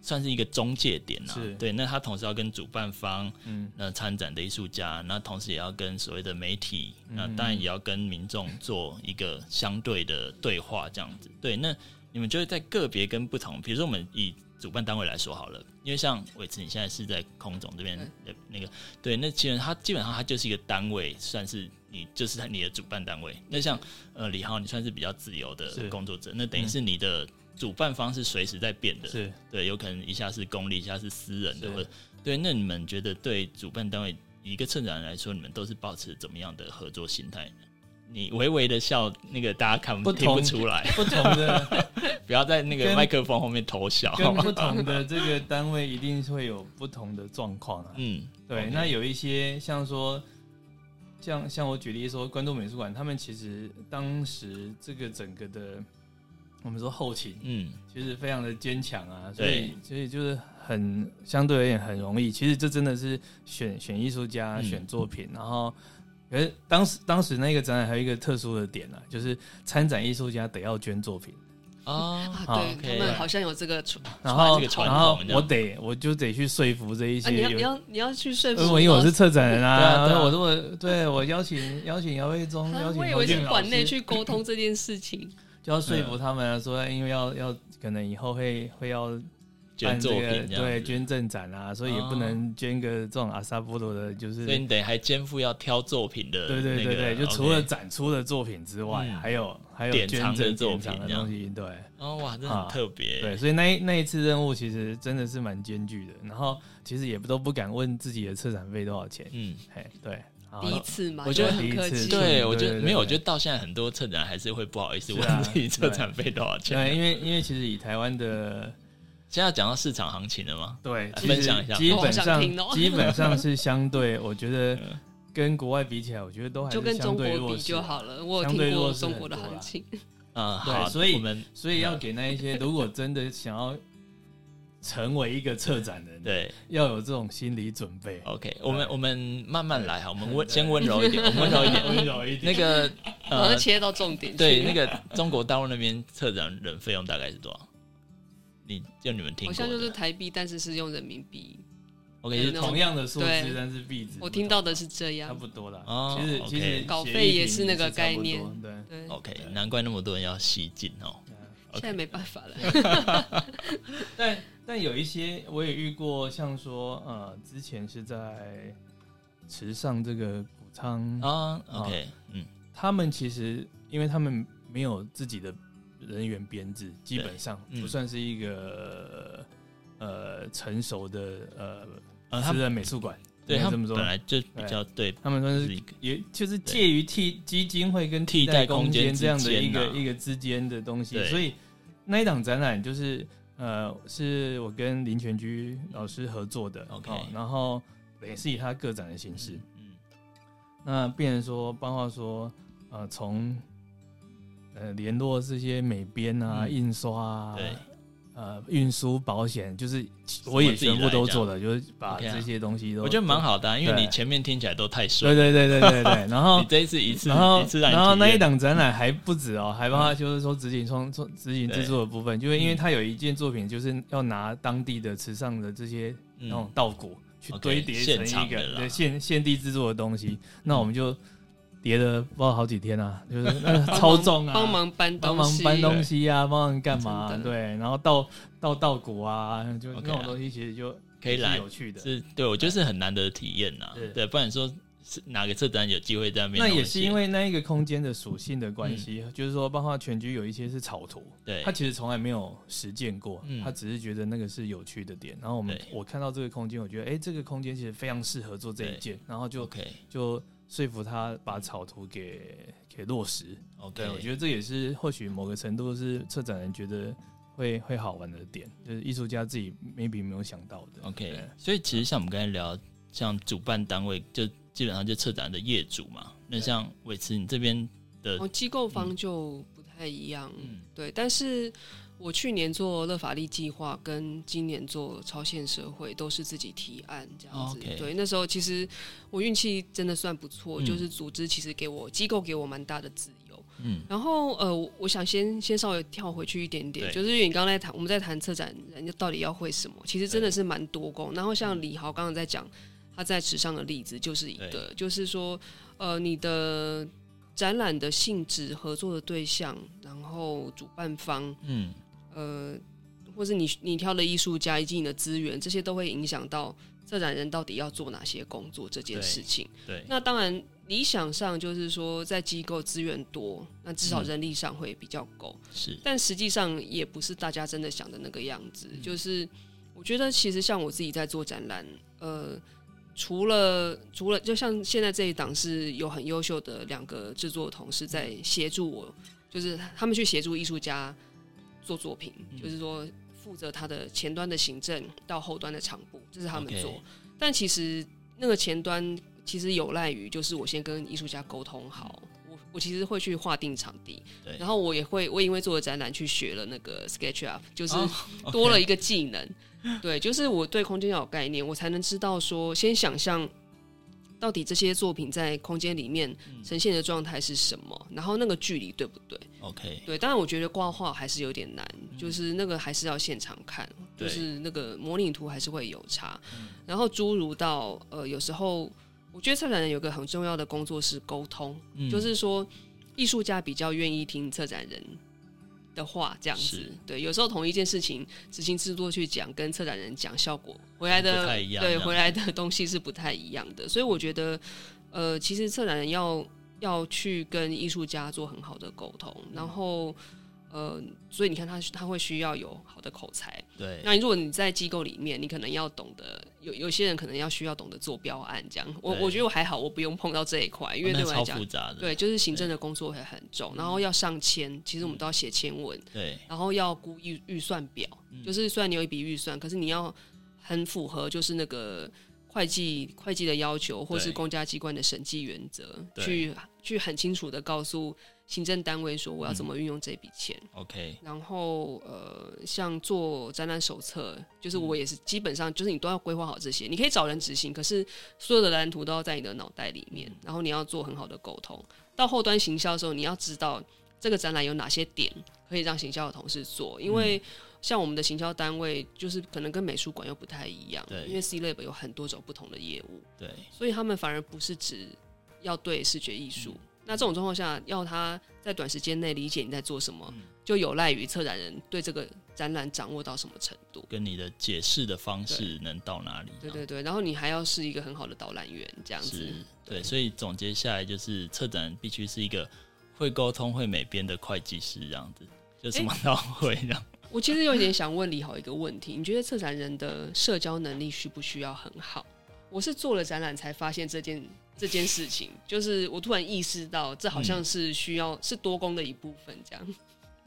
A: 算是一個中介點吶、啊。是對，那他同時要跟主辦方，嗯，那參展的藝術家，那同時也要跟所謂的媒體，嗯、那當然也要跟民眾做一個相對的對話，這樣子。 對，那你們就會在個別跟不同，比如說我們以。主辦單位來說好了，因為像偉慈你現在是在空總這邊，那那個、嗯、對，那其實他基本上他就是一個單位，算是你就是你的主辦單位。那、嗯、像呃禮豪，你算是比較自由的工作者，是那等於是你的主辦方是隨時在變的。嗯、對，有可能一下是公立，一下是私人的，是對。那你們覺得對主辦單位一個策展來說，你們都是保持怎麼樣的合作心態？你微微的笑，那個大家看不同聽不出來。不同的，不要在那個麥克風後面偷笑，不同的
B: 這個單位一定會有不同的狀況、啊、 嗯，對。那有一些像說，像像我舉例說，關渡美術館，他們其實當時這個整個的，我們說後勤，嗯，其實非常的堅強啊，所以對所以就是很相對而言很容易。其實這真的是選選藝術家、嗯、選作品，然後。可是當時，當時那個展覽還有一個特殊的點呢，就是參展藝術家得要捐作品啊。對他們好像
C: 有這個傳，然後
B: 然後我得我就得去說服這一些，你要你要
C: 你要去說服，因為我是策展
B: 人啊。對，我這麼對我邀請邀請姚衛中，邀請我以為是館內去
C: 溝通這件事情，
B: 就要說服他們啊，說，因為要要可能以後會會要。捐作品，對，捐贈展啊，所以也不能捐個這種阿薩布魯的，就是，所以你得還肩負要挑作品的。對對對對，就除了展出的作品之外，還有還有捐贈作品的東西，對。哦哇，這很特別。對，所以那那一次任務其實真的是蠻艱巨的，然後其實也不都不敢問自己的策展費多少錢。嗯，對，第一次嘛，我覺得很客氣。對我覺得沒有，我覺
A: 得到現在很多策展還是會不好意思問自己策展費多少錢。對，因為因為其實以台灣的。現在講到市場行情了嗎？對，其實，基本上，基本
B: 上是相對，我覺得跟國外比起來，我覺得都還是相對弱勢，就跟中國比就好了，我有聽過中國的行情。啊，好，所以，所以要給那一些如果真的想要成為一個策展人，對，要有這種心理準備。OK，我們我們慢慢來哈，我們溫先溫柔一點，溫柔一點，溫
A: 柔一點。那個馬上切到重點。對，那個中國大陸那邊策展人費用大概是多少？你要你們聽，好像就
C: 是台幣，但是是用人民幣。
A: OK，是同樣的數字，但是幣值。我
C: 聽到的是這樣，差不多了。其實其實稿
B: 費也是那個概念。
A: 對對，OK，難怪那麼多人要吸金哦。現在沒辦法了。
B: 但但有一些我也遇過，像說呃，之前是在池上這個穀倉啊，OK，嗯，他們其實因為他們沒有自己的。人員編制基本上不算是一個呃成熟的呃私人美術館。對，他們本來就比較對，他們說是，也就是介於替基金會跟替代空間這樣的一個一個之間的東西，所以那一檔展覽就是呃是我跟林泉居老師合作的，OK，然後也是以他個展的形式，嗯，那變成說，包括說，呃，從。呃，聯絡這些美編啊、印刷、啊、呃，運輸、保險，就是我也全部都做的，就是把這些東西都，我覺得蠻好的，因為你
A: 前面聽起來都太順，對對對對對對。然後這一次一次，然後然後那一檔展覽還不
B: 止哦，還幫他就是說執行創作、執行製作的部分，就是因為他有一件作品就是要拿當地的池上的這些那種稻穀去堆疊成一個現現地製作的東西，那我們就。疊的包好幾天啊，就是超重啊，幫忙搬東西，幫忙搬東西啊，幫忙幹嘛？對，然後到稻稻穀啊，就是那種東西，其實就可以來，
A: 是對我就是很難得的體驗吶。對，不然說是哪個策展有機會在那邊。那也是因為
B: 那一個空間的屬性的關係，就是說，包括全局有一些是草圖，對他其實從來沒有實踐過，他只是覺得那個是有趣的點。然後我們我看到這個空間，我覺得哎，這個空間其實非常適合做這一件，然後就就。說服他把草圖給給落實，OK，我覺得這也是或許某個程度是策展人覺得會會好玩的點，就是藝術家自己 maybe 沒有想到的，OK 對。所以其實
A: 像我們剛才聊，像主辦單位就基本上就策展的業主嘛，對那像偉慈你這邊的，哦，機
C: 構方、嗯、就不太一樣，嗯、對，但是。我去年做樂法力計劃，跟今年做超限社會都是自己提案這樣子。Oh, okay. 對，那時候其實我運氣真的算不錯，嗯、就是組織其實給我機構給我蠻大的自由。嗯，然後呃，我想先先稍微跳回去一點點，對就是因為你剛剛在談我們在談策展人家到底要會什麼，其實真的是蠻多工。對然後像禮豪剛剛在講他在池上的例子，就是一個對就是說呃，你的展覽的性質、合作的對象，然後主辦方，嗯。呃，或是你你挑的藝術家以及你的資源，這些都會影響到策展人到底要做哪些工作這件事情。對，對那當然理想上就是說，在機構資源多，那至少人力上會比較夠。是、嗯，但實際上也不是大家真的想的那個樣子。是就是我覺得，其實像我自己在做展覽，呃，除了除了就像現在這一檔是有很優秀的兩個制作同事在協助我，嗯、就是他們去協助藝術家。做作品就是說，負責他的前端的行政到後端的場部，這是他們做。Okay. 但其實那個前端其實有賴於，就是我先跟藝術家溝通好。嗯、我我其實會去劃定場地，對。然後我也會，我因為做的展覽去學了那個 SketchUp，就是多了一個技能。Oh, okay. 對，就是我對空間有概念，我才能知道說，先想象到底這些作品在空間裡面呈現的狀態是什麼，嗯、然後那個距離對不對？Okay. 對，當然我覺得掛畫還是有點難，嗯、就是那個還是要現場看，對就是那個模擬圖還是會有差。嗯、然後諸如到呃，有時候我覺得策展人有個很重要的工作是溝通，嗯、就是說藝術家比較願意聽策展人的話，這樣子。是對，有時候同一件事情，執行制作去講跟策展人講，效果回來的，都不太一樣，對，回來的東西是不太一樣的。所以我覺得呃，其實策展人要。要去跟藝術家做很好的溝通，嗯、然後，呃，所以你看他他會需要有好的口才。對。那如果你在機構裡面，你可能要懂得有有些人可能要需要懂得做標案這樣。對我我覺得我還好，我不用碰到這一塊，哦、因為對我來講，對，就是行政的工作會很，很重，對然後要上簽。其實我們都要寫簽文。對、嗯。然後要估預預算表，對就是雖然你有一筆預算，嗯、可是你要很符合，就是那個。會計會計的要求，或是公家機關的審計原則，對去去很清楚的告訴行政單位說，我要怎麼運用這筆錢。嗯、OK，然後呃，像做展覽手冊，就是我也是、嗯、基本上就是你都要規劃好這些，你可以找人執行，可是所有的藍圖都要在你的腦袋裡面，嗯、然後你要做很好的溝通。到後端行銷的時候，你要知道這個展覽有哪些點可以讓行銷的同事做，因為。像我們的行銷單位，就是可能跟美術館又不太一樣，對，因為 C Lab 有很多種不同的業務，對，所以他們反而不是只要對視覺藝術。嗯、那這種狀況下，要他在短時間內理解你在做什麼，嗯、就有賴於策展人對這個展覽掌握到什麼程
A: 度，跟你的解釋的方式能到哪裡。對，
C: 對對對，然後你還要是一個很好的導覽員，這樣子。
A: 對，對所以總結下來就是，策展人必須是一個會溝通、會美編的會計師，這樣子，就什麼都會這樣
C: 我其實有點想問禮豪一個問題，你覺得策展人的社交能力需不需要很好？我是做了展覽才發現這件這件事情，就是我突然意識到，這好像是需要、嗯、是多工的一部分。這樣，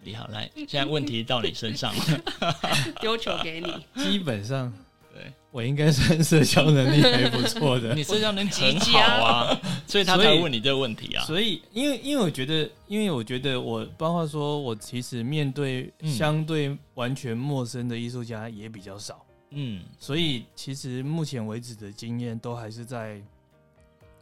A: 禮豪來，現在問題到你
B: 身上了，丟 球 給你，基本上。對我應該是社交能力還不錯的， 你社交能力、啊、 很好啊，所以他才問你這個問題啊所。所以，因為，因為我覺得，因為我覺得我，我包括說我其實面對相對完全陌生的藝術家也比較少，嗯，所以其實目前為止的經驗都還是在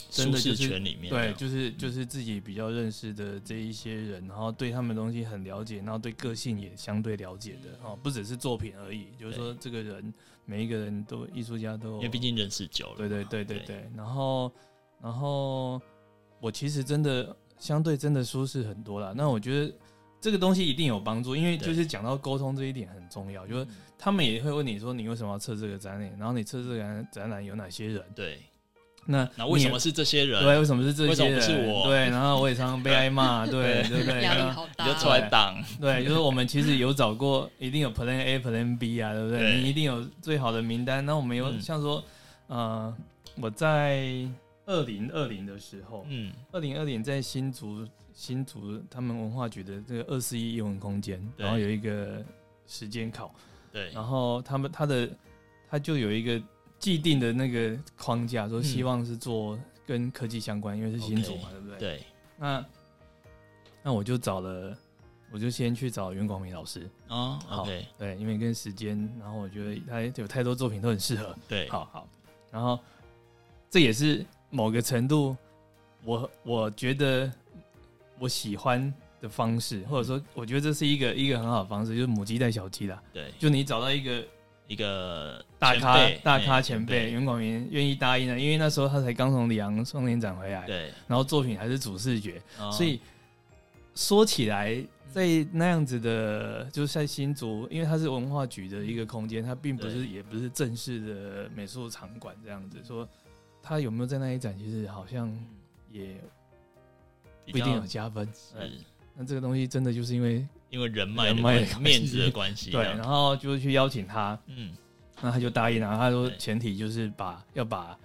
B: 真的、就是、舒適圈裡面，對，就是就是自己比較認識的這一些人，然後對他們的東西很了解，然後對個性也相對了解的、嗯、哦，不只是作品而已，就是說這個人。每一個人都藝術家都，因為畢竟認識久了。對對對對對、對。然後，然後我其實真的相對真的舒適很多了。那我覺得這個東西一定有幫助，因為就是講到溝通這一點很重要。就是他們也會問你說你為什麼要策這個展覽，然後你策這個展覽有哪些人？對。那那為什麼是這些人？對，為什麼是這些人？是我？對，然後我也常常被挨罵，對對對。然後好就出來擋，對，就是我們其實有找過，一定有 Plan A、Plan B 啊，對不對？你一定有最好的名單。那我們有像說，呃，我在二零二零的時候，嗯，二零二零在新竹新竹，他們文化局的這個二四一藝文空間，然後有一個時間考，對，然後他們他的他就有一個。既定的那個框架，說希望是做跟科技相關，嗯、因為是新組嘛，okay, 對不對？對。那那我就找了，我就先去找袁廣明老師。哦，oh, okay. 好，對，因為跟時間，然後我覺得他有太多作品都很適合。對，好好。然後這也是某個程度我，我我覺得我喜歡的方式，或者說我覺得這是一個一個很好的方式，就是母雞帶小雞啦。對，就你找到一個。一個大咖，輩大咖前輩袁廣明願意答應了，對 因為那時候他才剛從里昂雙年展回來，對，然後作品還是主視覺，哦、所以說起來，在那樣子的，嗯、就是在新竹，因為它是文化局的一個空間，它並不是對 也不是正式的美術場館，這樣子說，他有沒有在那一展，其實好像也
A: 不一定有加分。嗯、
B: 那這個東西真的就是因為。因為人脈、人脈、面子的關係，對，然後就去邀請他，嗯，那他就答應了。然後他說前提就是把要把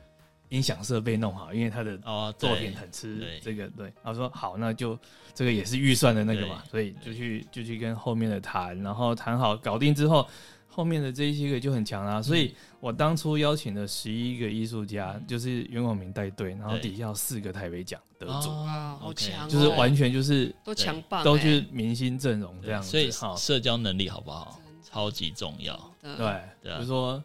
B: 音響設備弄好，因為他的作品很吃這個。對，他說好，那就這個也是預算的那個嘛，所以就去就去跟後面的談，然後談好搞定之後。後面的這一些個就很強啦，所以我當初邀請的十一個藝術家，就是袁廣明帶隊，然後底下有四個台北獎得主，啊，好強，就是完全就是都強棒，都就是明星陣容這樣，所以好社交能力好不好，超級重要，對，就是說，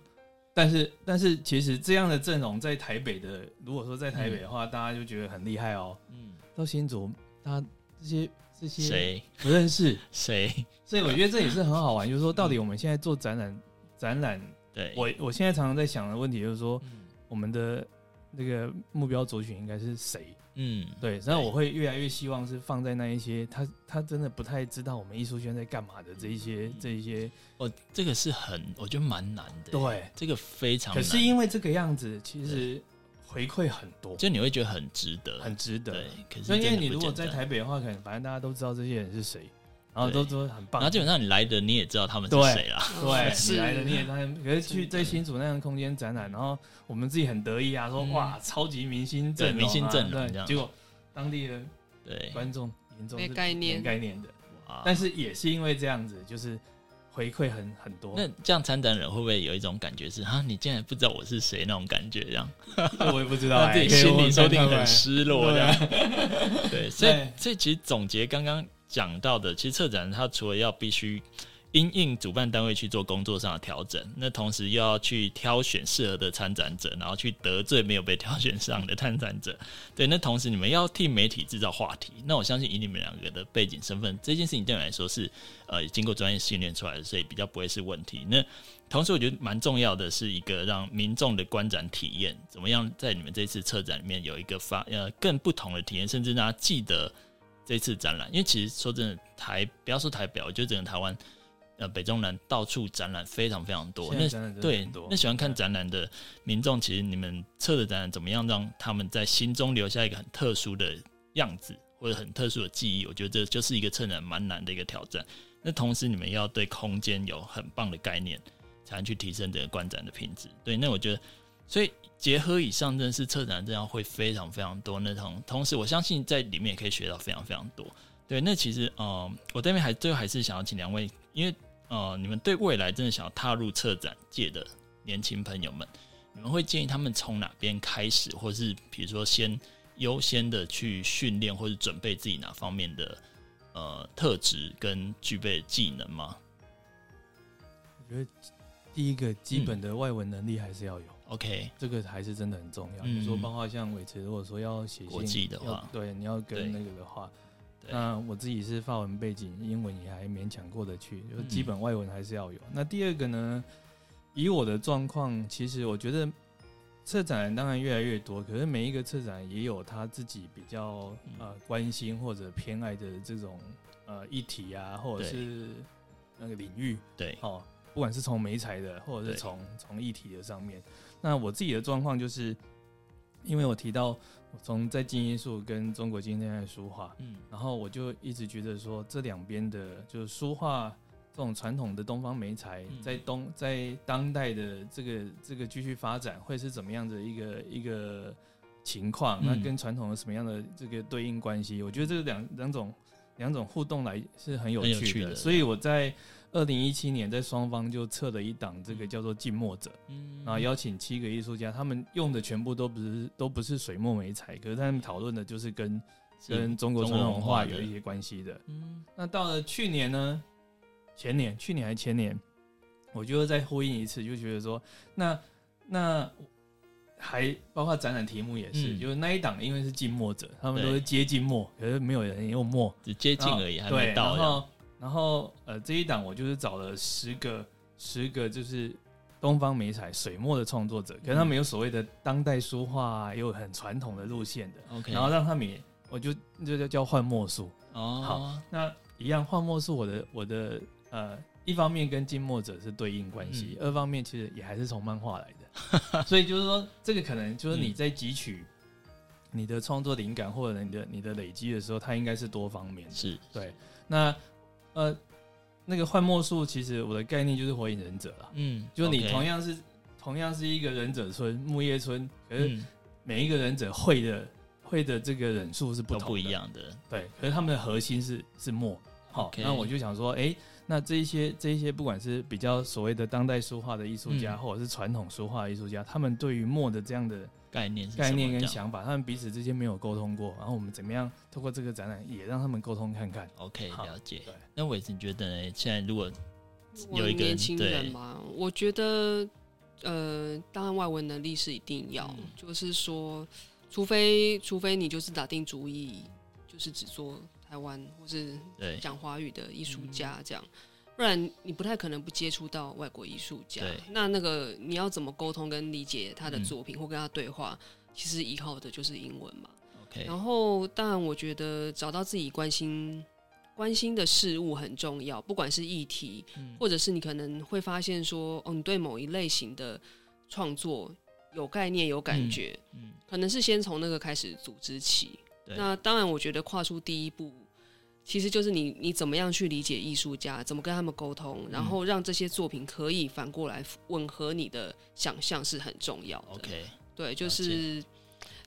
B: 但是但是其實這樣的陣容在台北的，如果說在台北的話，大家就覺得很厲害哦，嗯，到新竹，他這些。這些誰不認識誰，所以我覺得這也是很好玩。就是說，到底我們現在做展覽，展覽對我，我現在常常在想的問題就是說，我們的那個目標族群應該是誰？嗯，對。然後我會越來越希望是放在那一些他他真的不太知道我們藝術圈在幹嘛的這一些這一些、嗯。哦，這個是很，我覺得蠻難的、欸。對，這個非常難。可是因為這個樣子，其實。
A: 回饋很多，就你會覺得很值得，很值得。對，所以因為你如果在
B: 台北的話，可能反正大家都知道這些人是誰，然後都都很棒。那基本上
A: 你來的你也知道他們是誰了，對，你來的你也知道。可是，去
B: 對新竹那樣的空間展覽，然後我們自己很得意啊，說哇，超級明星陣容，明星陣容，這樣，結果當地的對觀眾嚴重沒概念，沒概念的。但是也是因為這樣子，就是。回饋很很多，那
A: 這樣參展人會不會有一種感覺是啊，你竟然不知道我是誰那種感覺？這樣，我也不知道、欸， 自己心裡說不定很失落的。欸、對、欸所，所以這其實總結剛剛講到的，其實策展人他除了要必須。因應主辦單位去做工作上的調整，那同時又要去挑選適合的參展者，然後去得罪沒有被挑選上的參展者，對。那同時你們要替媒體製造話題，那我相信以你們兩個的背景身份，這件事情對你們來說是呃經過專業訓練出來的，所以比較不會是問題。那同時我覺得蠻重要的是一個讓民眾的觀展體驗怎麼樣，在你們這次策展裡面有一個發呃更不同的體驗，甚至讓大家記得這次展覽。因為其實說真的，台不要說台北，我覺得整個台灣。呃，北中南到處展覽非常非常多，多那，那對那喜歡看展覽的民眾，其實你們策的展覽怎麼樣讓他們在心中留下一個很特殊的樣子或者很特殊的記憶？我覺得這就是一個策展蠻難的一個挑戰。那同時，你們要對空間有很棒的概念，才能去提升這個觀展的品質。對，那我覺得，所以結合以上，認識策展這樣會非常非常多。那同同時，我相信在裡面也可以學到非常非常多。對，那其實，嗯、呃，我這邊還最後還是想要請兩位，因為。哦、呃，你們對未來真的想要踏入策展界的年輕朋友們，你們會建議他們從哪邊開始，或是比如說先優先的去訓練或者準備自己哪方面的呃特質跟具備的技能嗎？
B: 我覺得第一個基本的外文能力還是要有、嗯、，OK，這個還是真的很重要。你、嗯、說，包括像偉慈如果說要寫信的話，對，你要跟那個的話。那我自己是法文背景，英文也還勉強過得去，就基本外文還是要有。嗯、那第二個呢，以我的狀況，其實我覺得策展當然越來越多，可是每一個策展也有他自己比較、嗯、呃關心或者偏愛的這種呃議題啊，或者是那個領域。對，哦，不管是從媒材的，或者是從從對議題的上面。那我自己的狀況就是，因為我提到。從在金藝術跟中國今天的書畫，嗯，然後我就一直覺得說這兩邊的，就是書畫這種傳統的東方媒材，在東、嗯、在當代的這個這個繼續發展會是怎麼樣的一個一個情況？嗯、那跟傳統的什麼樣的這個對應關係？我覺得這兩兩種兩種互動來是很有趣的，趣的所以我在。二零一七年，在雙方就策了一檔這個叫做《靜默者》嗯，嗯，然後邀請七個藝術家，他們用的全部都不是，都不是水墨媒材，可是他們討論的就是跟是跟中國傳統文化有一些關係的，嗯。那到了去年呢，前年、去年還是前年，我就再呼應一次，就覺得說，那那還包括展覽題目也是，嗯、就是那一檔因為是《靜默者》，他們都是接近墨，對可是沒有人用墨，只接近而已，對後還沒到。然後，呃，這一檔我就是找了十個，十個就是東方美彩水墨的創作者，可能他們有所謂的當代書畫、啊、也有很傳統的路線的，OK。然後讓他們也，我就這就叫換墨術哦。Oh. 好，那一樣換墨術，我的我的呃，一方面跟浸墨者是對應關係，嗯、二方面其實也還是從漫畫來的， 所以就是說，這個可能就是你在汲取你的創作靈感或者你的你的累積的時候，它應該是多方面的，是,是對那。呃，那個幻墨術其實我的概念就是火影忍者了，嗯，就你同樣是 Okay. 同樣是一個忍者村木葉村，可是每一個忍者會的、嗯、會的這個忍術是不同的，都不一樣的，對，可是他們的核心是是墨。好 Okay.、哦，那我就想說，哎、欸，那這一些這一些不管是比較所謂的當代書畫的藝術家，嗯、或者是傳統書畫藝術家，他們對於墨的這樣的。概念概念跟想法，他們彼此之間沒有溝通過，然後我們怎麼樣通過這個展覽也讓他們溝通看看？OK，好了解。
A: 對，那我已經覺得呢現在如果有一個年輕人
C: 嘛，對我覺得呃，當然外文能力是一定要，嗯、就是說，除非除非你就是打定主意，就是只做台灣或是講華語的藝術家這樣。不然你不太可能不接觸到外國藝術家。對那那個你要怎麼溝通跟理解他的作品，嗯、或跟他對話？其實依靠的就是英文嘛。Okay. 然後，當然我覺得找到自己關心關心的事物很重要，不管是議題，嗯、或者是你可能會發現說，哦，你對某一類型的創作有概念，有感覺，嗯嗯、可能是先從那個開始組織起。對那當然，我覺得跨出第一步。其實就是你你怎麼樣去理解藝術家，怎麼跟他們溝通，然後讓這些作品可以反過來吻合你的想象，是很重要的。Okay, 對，就是，了解。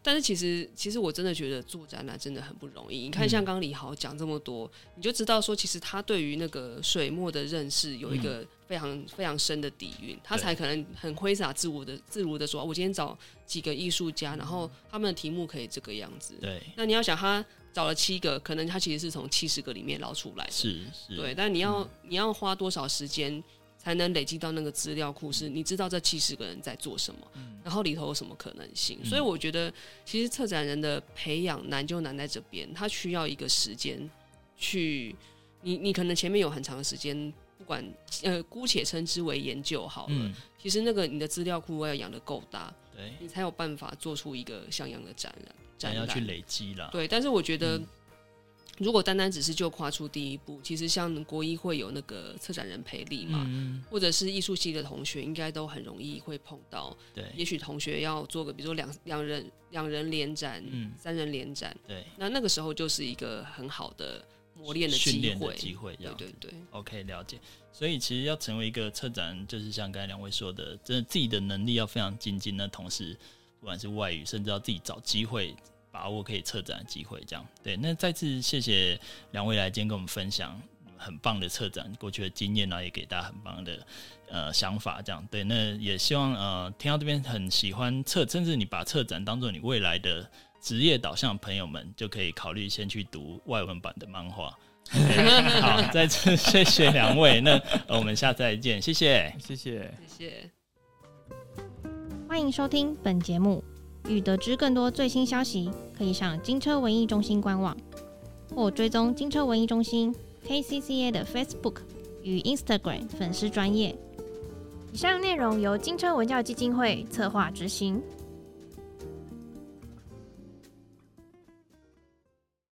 C: 但是其實其實我真的覺得做展覽真的很不容易。你看，像剛剛禮豪講這麼多，你就知道說，其實他對於那個水墨的認識有一個非常、嗯、非常深的底蘊，他才可能很揮灑自我的自如的說，我今天找幾個藝術家，然後他們的題目可以這個樣子。對，那你要想他。找了七個，可能他其實是從七十個裡面撈出來的。是
A: 是。是對，
C: 但你要、嗯、你要花多少時間才能累積到那個資料庫？是你知道這七十個人在做什麼，嗯、然後裡頭有什麼可能性？嗯、所以我覺得，其實策展人的培養難就難在這邊，他需要一個時間去，你你可能前面有很長的時間，不管呃姑且稱之為研究好了。嗯。其實那個你的資料庫要養得夠大，對你才有辦法做出一個像樣的展覽。想要去累積了，對。但是我覺得，如果單單只是就跨出第一步，嗯、其實像國藝會有那個策展人培力嘛，嗯、或者是藝術系的同學，應該都很容易會碰到。對，也許同學要做個，比如說兩兩人兩人連展，嗯，三人連展，嗯、對。那那個時候就是一個很好的磨練的訓練的機會，會對對
A: 對。OK，了解。所以其實要成為一個策展，就是像剛才兩位說的，真的自己的能力要非常精進，那同時。不管是外語，甚至要自己找機會，把握可以策展的機會，這樣對。那再次謝謝兩位來今天跟我們分享很棒的策展過去的經驗，然後也給大家很棒的呃想法，這樣對。那也希望呃聽到這邊很喜歡策，甚至你把策展當做你未來的職業導向朋友們，就可以考慮先去讀外文版的漫畫。 好，再次謝謝兩位，那、呃、我們下次再見，謝謝，謝謝，謝謝。歡迎收
C: 聽本節目，欲得知更多最新消息，可以上金車文藝中心官網，或追蹤金車文藝中心 KCCA 的 Facebook 與 Instagram 粉絲專頁。以上內容由金車文教基金會策劃執行。